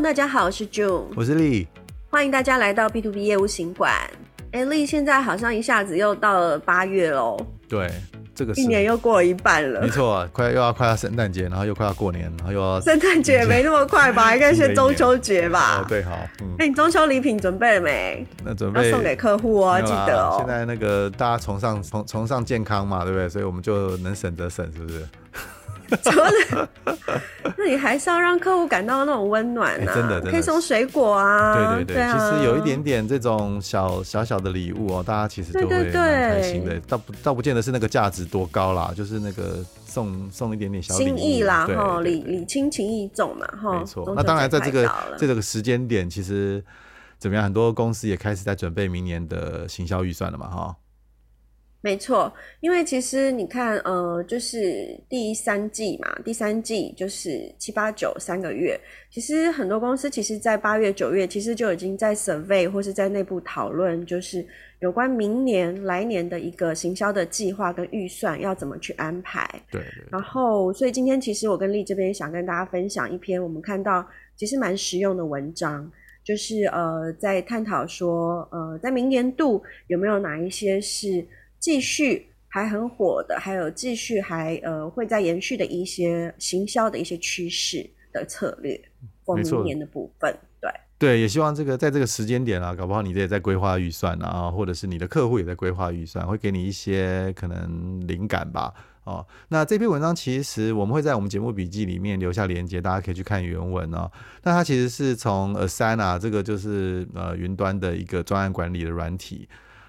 大家好，是我是 June，我是麗，歡迎大家來到 B to B 業務行館。哎，麗，現在好像一下子又到了八月嘍。對，這個是一年又過了一半了，沒錯、啊，快要又要快要聖誕節，然後又快要過年，然後又要聖誕節也沒那麼快吧？ 應該是中秋節吧？哦，對，好，嗯，你中秋禮品準備了沒？那準備要送給客戶哦，啊、記得哦。現在那個大家崇尚崇崇尚健康嘛，對不對？所以我們就能省則省，是不是？除了？ 那你還是要讓客戶感到那種溫暖啊！欸、真,的真的，可以送水果啊！對對對，對啊、其實有一點點這種小小小的禮物哦、喔，大家其實都會很開心的。倒不倒不見得是那個價值多高啦，就是那個送送一點點小禮物心意啦，對,對,對，禮禮輕情意重嘛，哈。沒錯錯，那當然在這個在這個時間點，其實怎麼樣，很多公司也開始在準備明年的行銷預算了嘛，哈。沒錯，因為其實你看，呃，就是第三季嘛，第三季就是七八九三個月。其實很多公司其實，在八月、九月，其實就已經在 survey 或是在內部討論，就是有關明年來年的一個行銷的計劃跟預算要怎麼去安排。對，對。然後，所以今天其實我跟麗這邊想跟大家分享一篇我們看到其實蠻實用的文章，就是呃，在探討說，呃，在明年度有沒有哪一些是。繼續還很火的，還有繼續還呃會再延續的一些行銷的一些趨勢的策略，或明年的部分，錯對對，也希望這個在這個時間點啊，搞不好你也在規劃預算啊，或者是你的客戶也在規劃預算，會給你一些可能靈感吧。哦，那這篇文章其實我們會在我們節目筆記裡面留下連結，大家可以去看原文哦。那它其實是從呃 Asana，這個就是呃雲端的一個專案管理的軟體。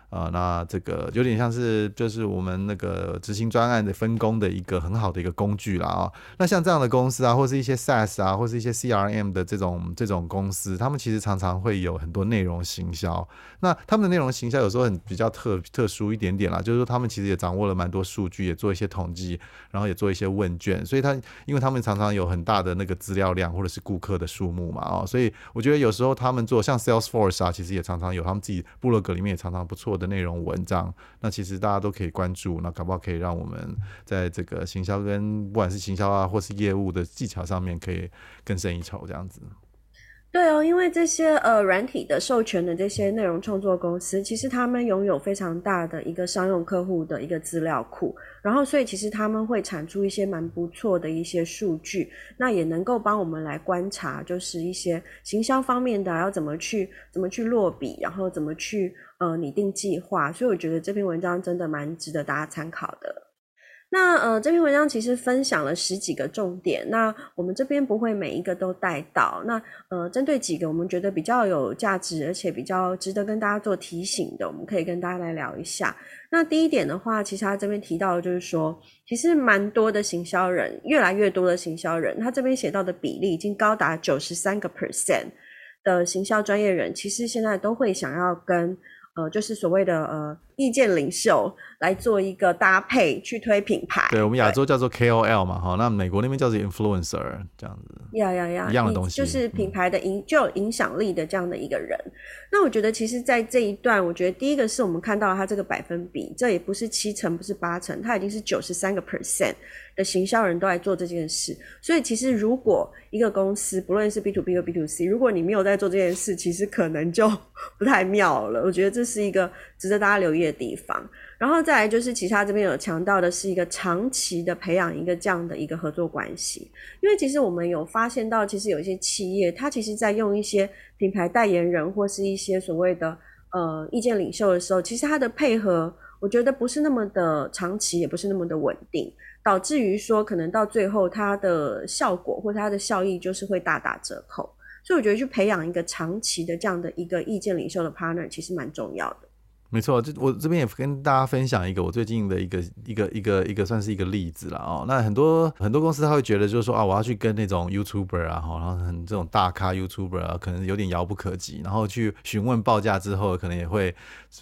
啊、呃，那這個有點像是就是我們那個執行專案的分工的一個很好的一個工具啦啊、喔。那像這樣的公司啊，或是一些 SaaS 啊，或是一些 CRM 的這種這種公司，他們其實常常會有很多內容行銷。那他們的內容行銷有時候很比較特特殊一點點啦，就是說他們其實也掌握了蠻多數據，也做一些統計，然後也做一些問卷。所以他因為他們常常有很大的那個資料量或者是顧客的數目嘛啊、喔，所以我覺得有時候他們做像 Salesforce 啊，其實也常常有他們自己部落格裡面也常常不錯的的內容文章，那其實大家都可以關注，那搞不好可以讓我們在這個行銷跟不管是行銷啊，或是業務的技巧上面，可以更勝一籌這樣子。對哦，因為這些呃軟體的授權的這些內容創作公司，其實他們擁有非常大的一個商用客戶的一個資料庫，然後所以其實他們會產出一些蠻不錯的一些數據，那也能夠幫我們來觀察，就是一些行銷方面的要怎麼去怎麼去落筆，然後怎麼去呃擬定計劃，所以我覺得這篇文章真的蠻值得大家參考的。那呃，這篇文章其實分享了十幾個重點，那我們這邊不會每一個都帶到。那呃，針對幾個我們覺得比較有價值，而且比較值得跟大家做提醒的，我們可以跟大家來聊一下。那第一點的話，其實他這邊提到的就是說，其實蠻多的行銷人，越來越多的行銷人，他這邊寫到的比例已經高達九十三個 percent 的行銷專業人，其實現在都會想要跟。呃，就是所謂的呃意見領袖來做一個搭配去推品牌，對我們亞洲叫做 KOL 嘛，哈對，那美國那邊叫做 influencer 這樣子，呀呀呀，一樣的東西，就是品牌的影，嗯、就有影響力的這樣的一個人。那我覺得，其實，在這一段，我覺得第一個是我們看到他這個百分比，這也不是七成，不是八成，他已經是九十三個 percent。的行銷人都在做這件事，所以其實如果一個公司，不論是 B to B 和 B to C，如果你沒有在做這件事，其實可能就不太妙了。我覺得這是一個值得大家留意的地方。然後再來就是其他這邊有強調的是一個長期的培養一個這樣的一個合作關係，因為其實我們有發現到，其實有一些企業它其實在用一些品牌代言人或是一些所謂的呃意見領袖的時候，其實它的配合我覺得不是那麼的長期，也不是那麼的穩定。導致於說，可能到最後它的效果或它的效益，就是會大打折扣，所以我覺得去培養一個長期的這樣的一個意見領袖的 partner 其實蠻重要的。沒錯，這我這邊也跟大家分享一個我最近的一個一個一個一個，一個算是一個例子了哦、喔。那很多很多公司他會覺得就是說啊，我要去跟那種 YouTuber 啊，然後很這種大咖 YouTuber 啊，可能有點遙不可及，然後去詢問報價之後，可能也會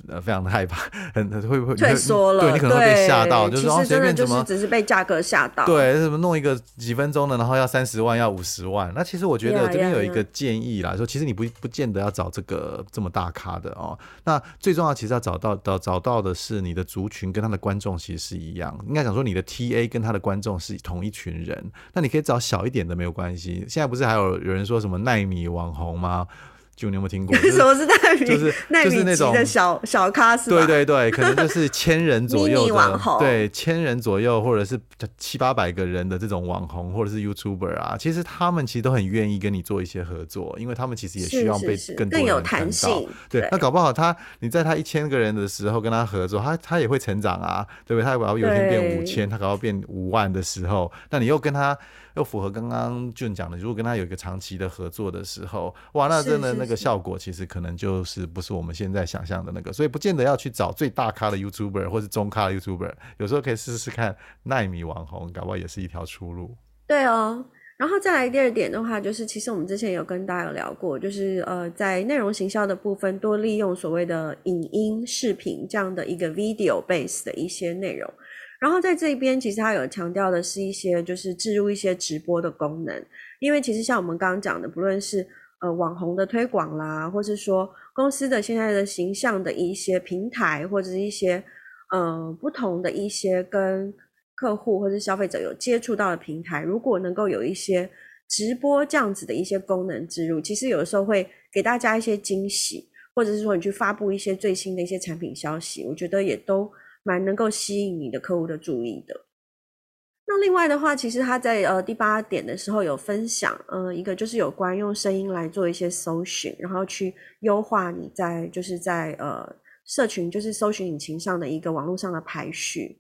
呃非常的害怕，很會不會退縮了？嗯、對你可能會被嚇到，就是說隨便怎麼，只是被價格嚇到？啊、怎到對，什麼弄一個幾分鐘的，然後要三十萬，要五十萬。那其實我覺得這邊有一個建議啦，yeah, yeah, yeah. 說其實你不不見得要找這個這麼大咖的哦、喔。那最重要的其實。找到找找到的是你的族群跟他的觀眾其實是一樣，應該想說你的 TA 跟他的觀眾是同一群人，那你可以找小一點的沒有關係。現在不是還有有人說什麼奈米網紅嗎？就你有沒有聽過？什麼是奈米？就是，是、就是、就是那種的小小咖是吧？對對對，可能就是千人左右的 對，千人左右或者是七八百個人的這種網紅或者是 YouTuber 啊，其實他們其實都很願意跟你做一些合作，因為他們其實也需要被更多人看到。是是是，更有彈性，對。那搞不好他，你在他一千個人的時候跟他合作，他他也會成長啊，對不對？他要有一天變五千，對他搞到變五萬的時候，那你又跟他。又符合剛剛俊講的，如果跟他有一個長期的合作的時候，哇，那真的那個效果其實可能就是不是我們現在想象的那個，是是是，所以不見得要去找最大咖的 YouTuber 或者中咖 YouTuber，有時候可以試試看奈米網紅，搞不好也是一條出路。對哦，然後再來第二點的話，就是其實我們之前有跟大家有聊過，就是呃，在內容行銷的部分，多利用所謂的影音視頻這樣的一個 Video Base 的一些內容。然後在這邊，其實它有強調的是一些就是置入一些直播的功能，因為其實像我們剛剛講的，不論是呃網紅的推廣啦，或者說公司的現在的形象的一些平台，或者是一些呃不同的一些跟客戶或者消費者有接觸到的平台，如果能夠有一些直播這樣子的一些功能置入，其實有的時候會給大家一些驚喜，或者是說你去發布一些最新的一些產品消息，我覺得也都。蠻能夠吸引你的客戶的注意的。那另外的話，其實他在呃第八點的時候有分享，呃，一個就是有關用聲音來做一些搜尋，然後去優化你在就是在呃社群就是搜尋引擎上的一個網絡上的排序。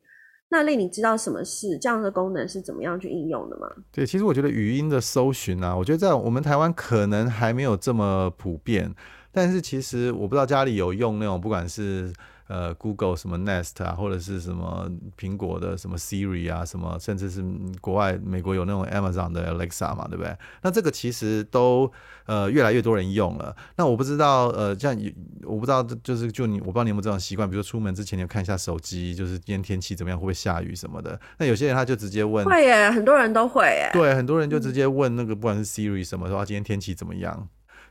那令你知道什麼是這樣的功能是怎麼樣去應用的嗎？對，其實我覺得語音的搜尋呢、啊，我覺得在我們台灣可能還沒有這麼普遍，但是其實我不知道家裡有用那種不管是。呃，Google 什麼 Nest 啊，或者是什麼蘋果的什麼 Siri 啊，什麼甚至是國外美國有那種 Amazon 的 Alexa 嘛，對不對？那這個其實都呃越來越多人用了。那我不知道呃，像我不知道就是就你，我不知道你有沒有這種習慣，比如說出門之前你要看一下手機，就是今天天氣怎麼樣，會不會下雨什麼的。那有些人他就直接問，會耶，很多人都會耶。對，很多人就直接問那個，不管是 Siri 什麼，說今天天氣怎麼樣。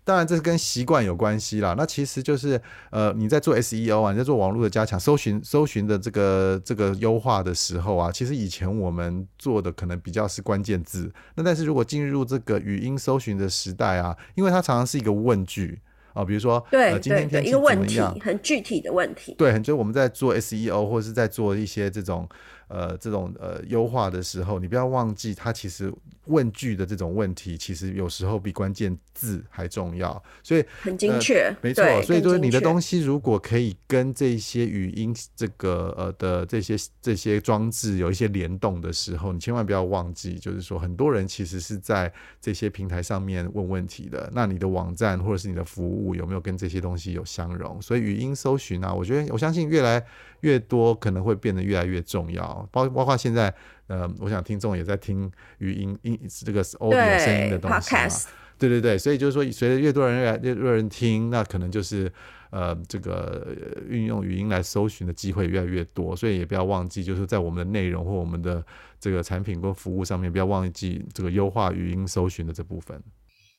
當然，這是跟習慣有關係啦。那其實就是，呃，你在做 SEO 啊，你在做網絡的加強、搜尋、搜尋的這個這個優化的時候啊，其實以前我們做的可能比較是關鍵字。那但是如果進入這個語音搜尋的時代啊，因為它常常是一個問句。啊、哦，比如說，對對，今天一個、呃、對問題，很具體的問題。對，很就是我們在做 SEO 或者是在做一些這種呃這種呃優化的時候，你不要忘記，它其實問句的這種問題，其實有時候比關鍵字還重要。所以很精確、呃，沒錯。對所以就是你的東西如果可以跟這些語音這個呃的這些這些裝置有一些聯動的時候，你千萬不要忘記，就是說很多人其實是在這些平台上面問問題的，那你的網站或者是你的服務。有沒有跟這些東西有相容？所以語音搜尋啊，我覺得我相信越來越多可能會變得越來越重要，包包括現在呃，我想聽眾也在聽語音音這個 audio 聲音的東西嘛、啊，對對對，所以就是說，隨着越多人越來越多人聽，那可能就是呃，這個運用語音來搜尋的機會越來越多，所以也不要忘記，就是在我們的內容或我們的這個產品或服務上面，不要忘記這個優化語音搜尋的這部分。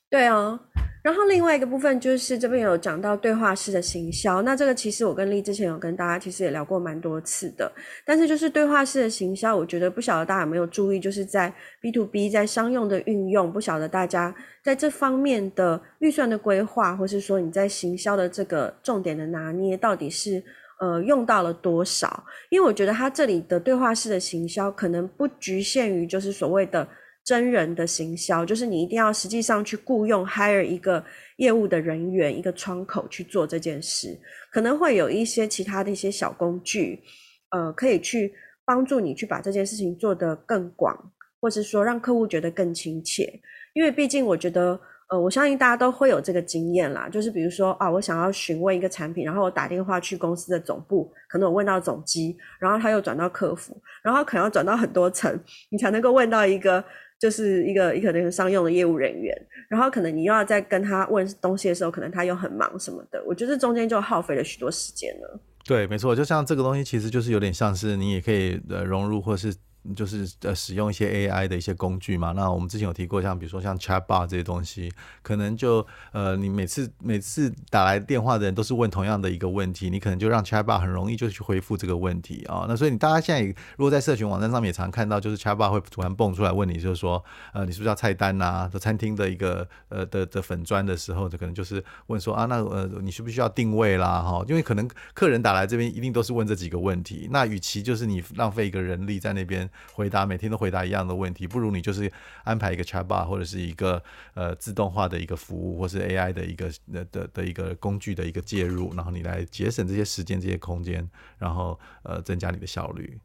對哦，然後另外一個部分就是這邊有講到對話式的行銷，那這個其實我跟麗之前有跟大家其實也聊過蠻多次的，但是就是對話式的行銷，我覺得不曉得大家有沒有注意，就是在 B to B 在商用的運用，不曉得大家在這方面的預算的規劃，或是說你在行銷的這個重點的拿捏，到底是呃用到了多少？因為我覺得它這裡的對話式的行銷，可能不局限於就是所謂的。真人的行銷，就是你一定要實際上去僱傭 hire 一個業務的人員，一個窗口去做這件事，可能會有一些其他的一些小工具，呃，可以去幫助你去把這件事情做得更廣，或是說讓客戶覺得更親切。因為畢竟我覺得，呃，我相信大家都會有這個經驗啦，就是比如說啊，我想要詢問一個產品，然後我打電話去公司的總部，可能我問到總機，然後他又轉到客服，然後可能要轉到很多層，你才能夠問到一個。就是一個一個那個商用的業務人員，然後可能你又要再跟他問東西的時候，可能他又很忙什麼的，我覺得這中間就耗費了許多時間了。對，沒錯，就像這個東西，其實就是有點像是你也可以呃融入或是。就是呃使用一些 AI 的一些工具嘛，那我們之前有提過像，像比如說像 Chatbot 這些東西，可能就呃你每次每次打來電話的人都是問同樣的一個問題，你可能就讓 Chatbot 很容易就去回復這個問題啊、哦。那所以你大家現在如果在社群網站上面也常看到，就是 Chatbot 會突然蹦出來問你，就是說呃你是不是要菜單吶、啊？的餐廳的一個呃的的粉專的時候，就可能就是問說啊那呃你需不需要定位啦？哈、哦，因為可能客人打來這邊一定都是問這幾個問題，那與其就是你浪費一個人力在那邊。回答每天都回答一樣的問題，不如你就是安排一個 chatbot 或者是一個呃自動化的一個服務，或是 AI 的一個那的的一個工具的一個介入，然後你來節省這些時間、這些空間，然後呃增加你的效率。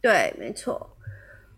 對，沒錯。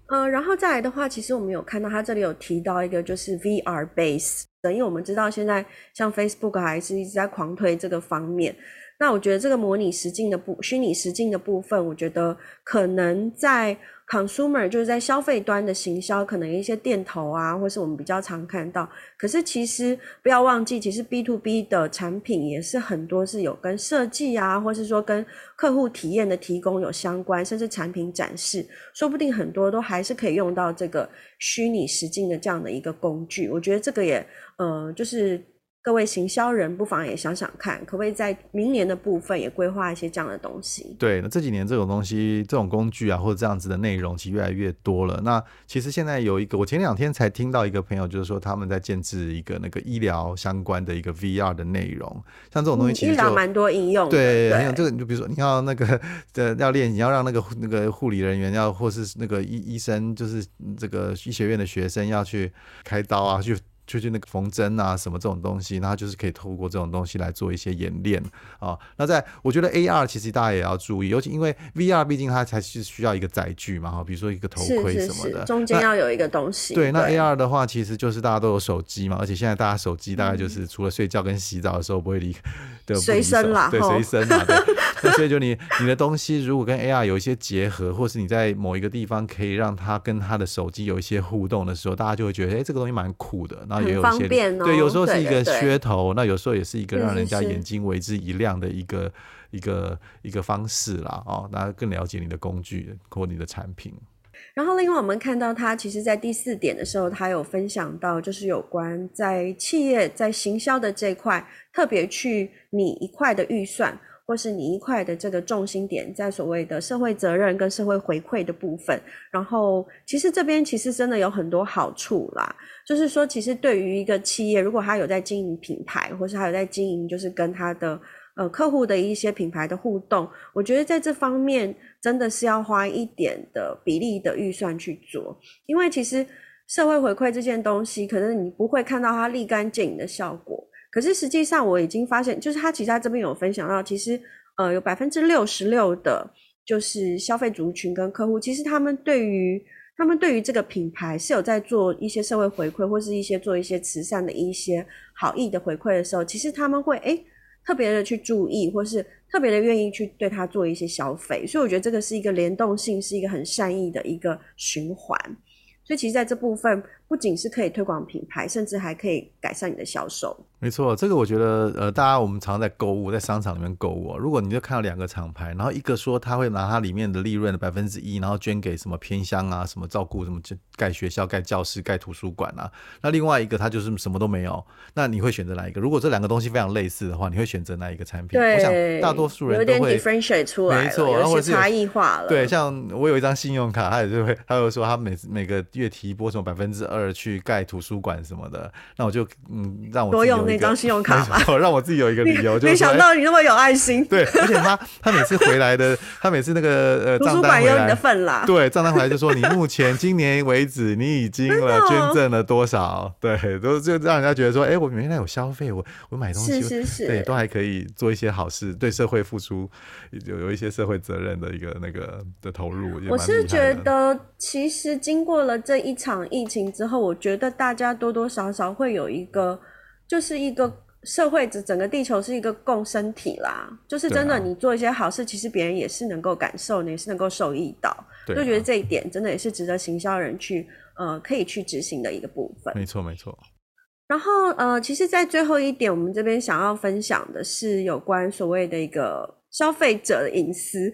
呃，然後再來的話，其實我們有看到他這裡有提到一個就是 VR base，因為我們知道現在像 Facebook 還是一直在狂推這個方面。那我覺得這個模擬實境的部虛擬實境的部分，我覺得可能在 consumer 就是在消費端的行銷，可能一些店頭啊，或是我們比較常看到。可是其實不要忘記，其實 B to B 的產品也是很多是有跟設計啊，或是說跟客戶體驗的提供有相關，甚至產品展示，說不定很多都還是可以用到這個虛擬實境的這樣的一個工具。我覺得這個也，嗯、呃，就是。各位行銷人不妨也想想看，可不可以在明年的部分也規劃一些這樣的東西。對，那這幾年這種東西、這種工具啊，或者這樣子的內容其實越來越多了。那其實現在有一個，我前兩天才聽到一個朋友，就是說他們在建制一個那個醫療相關的一個 VR 的內容。像這種東西其實，醫療、嗯、蠻多應用的。對，這個你就比如說，你要那個呃要練，你要讓那個那個護理人員要，或是那個醫醫生，就是這個醫學院的學生要去開刀啊，去。出去那個縫針啊，什麼這種東西，那就是可以透過這種東西來做一些演練啊、哦。那在我覺得 AR 其實大家也要注意，尤其因為 VR 畢竟它才是需要一個載具嘛，哈，比如說一個頭盔什麼的，是是是中間要有一個東西。對，那 AR 的話其實就是大家都有手機嘛，對而且現在大家手機大概就是除了睡覺跟洗澡的時候不會離，對，隨身啦，對，隨身啦，對。所以就你你的東西如果跟 AR 有一些結合，或是你在某一個地方可以讓它跟它的手機有一些互動的時候，大家就會覺得哎、欸，這個東西蠻酷的，那。也有很方便、哦，對，有時候是一個噱頭，對對對，那有時候也是一個讓人家眼睛為之一亮的一個對對對，一個一個，一個方式啦。哦，那更了解你的工具或你的產品。然後另外我們看到他，其實在第四點的時候，他有分享到，就是有關在企業在行銷的這塊，特別去擬一塊的預算。或是你一塊的這個重心點在所謂的社會責任跟社會回饋的部分，然後其實這邊其實真的有很多好處啦，就是說其實對於一個企業，如果他有在經營品牌，或是他有在經營就是跟他的呃客戶的一些品牌的互動，我覺得在這方面真的是要花一點的比例的預算去做，因為其實社會回饋這件東西，可能你不會看到它立竿見影的效果。可是實際上，我已經發現，就是他其實在這邊有分享到，其實呃，有百分之六十六的，就是消費族群跟客戶，其實他們對於他們對於這個品牌是有在做一些社會回饋，或是一些做一些慈善的一些好意的回饋的時候，其實他們會誒特別的去注意，或是特別的願意去對他做一些消費。所以我覺得這個是一個聯動性，是一個很善意的一個循環。所以其實在這部分。不僅是可以推廣品牌，甚至還可以改善你的銷售。沒錯，這個我覺得，呃，大家我們常常在購物，在商場裡面購物、啊，如果你就看到兩個廠牌，然後一個說他會拿他裡面的利潤的百分之一，然後捐給什麼偏鄉啊、什麼照顧、什麼蓋學校、蓋教室、蓋圖書館啊，那另外一個他就是什麼都沒有，那你會選擇哪一個？如果這兩個東西非常類似的話，你會選擇哪一個產品？對我想大多數人都會有點 differentiate 出來，沒錯，有些差異化了。對，像我有一張信用卡，他也是會，他又說他每每個月提撥什麼百分之二。而去蓋圖書館什麼的，那我就嗯，讓我多用那張信用卡吧，我讓我自己有一個理由。沒 你說想到你那麼有愛心。 對，而且他他每次回來的， 他每次那個呃，圖書館有你的份啦。 對，賬單回來就說你目前今年為止你已經了捐贈了多少？哦、對，都就讓人家覺得說，哎、欸，我原來有消費，我我買東西，是是是，對，都還可以做一些好事，對社會付出有有一些社會責任的一個那個的投入。我是覺得其實經過了這一場疫情之後。然後我覺得大家多多少少會有一個，就是一個社會整整個地球是一個共生體啦，就是真的，你做一些好事，啊、其實別人也是能夠感受，你也是能夠受益到，對啊、就覺得這一點真的也是值得行銷人去呃可以去執行的一個部分。沒錯沒錯。沒錯，然後呃，其實，在最後一點，我們這邊想要分享的是有關所謂的一個消費者的隱私。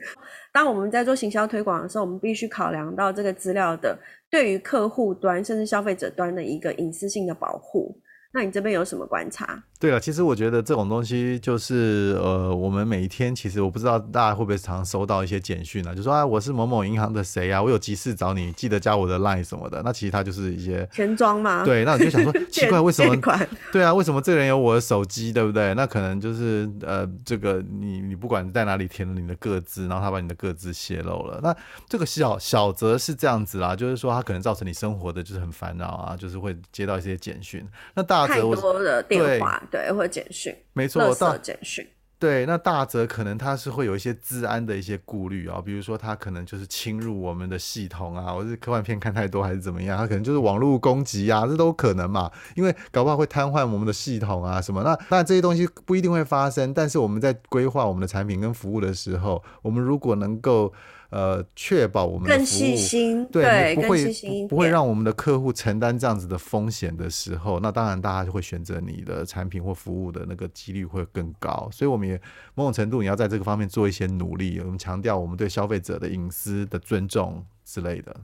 當我們在做行銷推廣的時候，我們必須考量到這個資料的。對於客戶端甚至消費者端的一個隱私性的保護，那你這邊有什麼觀察？對了，其實我覺得這種東西就是呃，我們每一天其實我不知道大家會不會常收到一些簡訊啊，就是說啊，我是某某銀行的誰啊，我有急事找你，記得加我的 line 什麼的。那其實它就是一些錢莊嗎？對，那你就想說奇怪， 店為什麼？款對啊，為什麼這個人有我的手機，對不對？那可能就是呃，這個你你不管在哪裡填了你的個資，然後他把你的個資洩露了。那這個小小則是這樣子啦，就是說他可能造成你生活的就是很煩惱啊，就是會接到一些簡訊。那大則多的電話。對，或者簡訊，沒錯，垃圾簡訊。對，那大則可能他是會有一些資安的一些顧慮啊、哦，比如說他可能就是侵入我們的系統啊，我是科幻片看太多還是怎麼樣？他可能就是網絡攻擊啊，這都可能嘛，因為搞不好會癱瘓我們的系統啊什麼？那那這些東西不一定會發生，但是我們在規劃我們的產品跟服務的時候，我們如果能夠呃確保我們的服務更細心，對，不會更細心，不會讓我們的客戶承擔這樣子的風險的時候，那當然大家就會選擇你的產品或服務的那個幾率會更高。所以我們。某種程度，你要在這個方面做一些努力。我們強調我們對消費者的隱私的尊重之類的。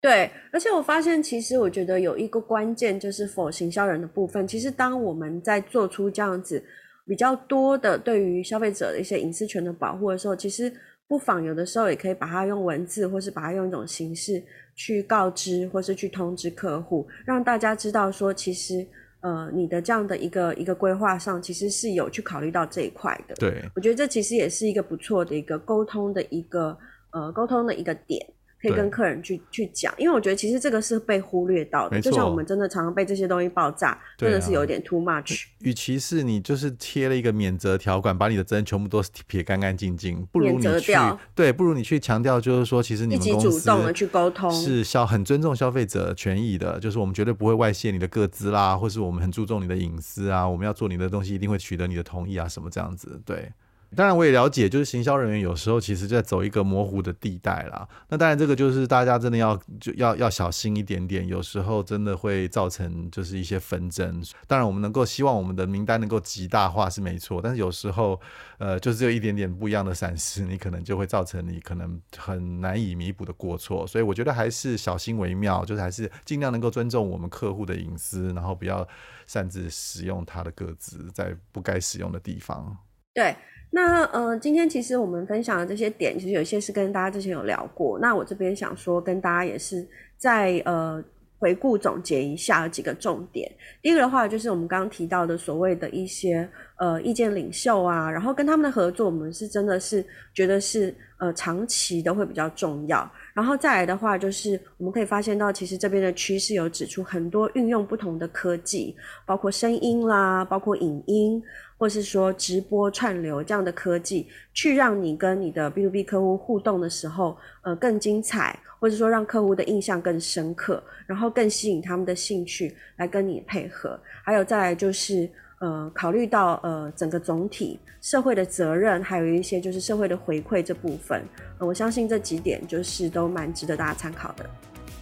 對，而且我發現，其實我覺得有一個關鍵，就是 for 行銷人的部分。其實，當我們在做出這樣子比較多的對於消費者的一些隱私權的保護的時候，其實不妨有的時候也可以把它用文字，或是把它用一種形式去告知，或是去通知客戶，讓大家知道說，其實。呃，你的這樣的一個一個規劃上，其實是有去考慮到這一塊的。對，我覺得這其實也是一個不錯的一個溝通的一個，呃，溝通的一個點。可以跟客人去對去講，因為我覺得其實這個是被忽略到的。錯就像我們真的常常被這些東西爆炸，啊、真的是有點 too much，與其是你就是貼了一個免責條款，把你的責任全部都撇乾乾淨淨，不如你去對，不如你去強調，就是說其實你們公司去溝通是消很尊重消費者權益的，就是我們絕對不會外泄你的個資啦，或是我們很注重你的隱私啊，我們要做你的東西一定會取得你的同意啊，什麼這樣子對。當然，我也了解，就是行銷人員有時候其實在走一個模糊的地帶啦。那當然，這個就是大家真的要就要要小心一點點。有時候真的會造成就是一些紛爭。當然，我們能夠希望我們的名單能夠極大化是沒錯，但是有時候呃，就是只有一點點不一樣的閃失，你可能就會造成你可能很難以彌補的過錯。所以我覺得還是小心為妙，就是還是盡量能夠尊重我們客戶的隱私，然後不要擅自使用他的個資在不該使用的地方。對。那呃，今天其實我們分享的這些點，其實有些是跟大家之前有聊過。那我這邊想說，跟大家也是再呃回顧總結一下幾個重點。第一個的話，就是我們剛剛提到的所謂的一些呃意見領袖啊，然後跟他們的合作，我們是真的是覺得是呃長期都會比較重要。然後再來的話，就是我們可以發現到，其實這邊的趨勢有指出很多運用不同的科技，包括聲音啦，包括影音。或是說直播串流這樣的科技，去讓你跟你的 B to B 客戶互動的時候，呃，更精彩，或是說讓客戶的印象更深刻，然後更吸引他們的興趣來跟你配合。還有再來就是，呃，考慮到呃整個總體社會的責任，還有一些就是社會的回饋這部分，呃，我相信這幾點就是都蠻值得大家參考的。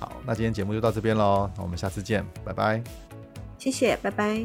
好，那今天節目就到這邊嘍，我們下次見，拜拜。謝謝，拜拜。